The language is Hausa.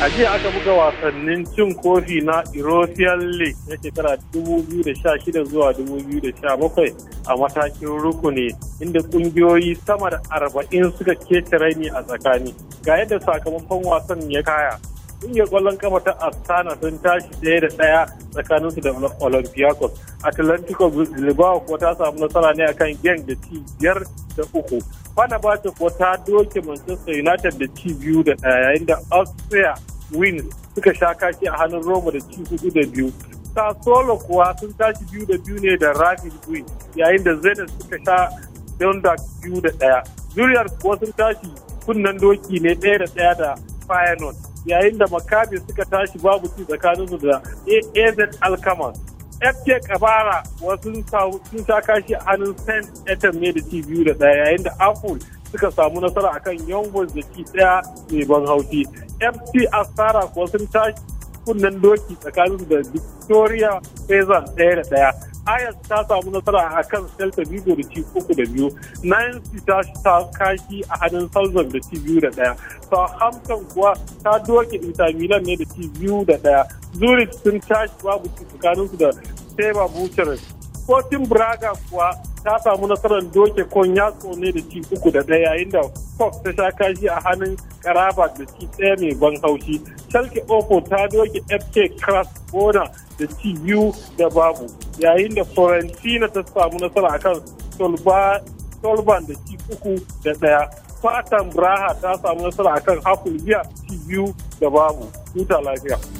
A jiya aka buga wasannin cin kofi na European League na shekara 2016 zuwa 2017 a matakin rukuni inda kungiyoyi sama da 40 suka ke ne a tsakani. Ga yadda sakamakon wasan ya kaya. kungiyar kwallon kama ta astana sun tashi ɗaya da ɗaya tsakanin su da olympiacos atlantico bilbao kuwa ta samu nasara ne akan kan da ci biyar da uku fenerbahce kuwa ta doke manchester united da ci biyu da ɗaya yayin da austria wins suka sha kashi a hannun roma da ci hudu da biyu solo kuwa sun tashi biyu da biyu ne da rapid win yayin da zenit suka sha dundalk biyu da ɗaya zuriyar kuwa sun tashi kunnen doki ne ɗaya da ɗaya da feyenoord yayin da makabi suka tashi babu ci tsakanin su da az alkama FK kabara wasu sun sha kashi a hannun saint Etan ne da ci biyu da daya yayin da apple suka samu nasara akan young boys da ci daya mai ban haushi fc Astara kuwa sun tashi kunnen doki tsakanin su da victoria pezan daya da daya ayas ta samu nasara a kan celta vigo da ci uku da biyu nancy ta ta kashi a hannun salzon da ci biyu da daya southampton kuwa ta doke inter milan ne da ci biyu da daya zurich sun tashi babu ci tsakaninsu da seba bucharest sporting braga kuwa ta samu nasarar doke konyatso ne da ci uku da daya yayin da Fox ta sha kashi a hannun karaba da ci ɗaya mai ban haushi. Shalke Oko ta doke FK Cross Bona da ci biyu da babu yayin da Florentina ta samu nasara akan Solban da ci uku da daya. Fatan Braha ta samu nasara akan Hakul Biya ci biyu da babu. Huta lafiya.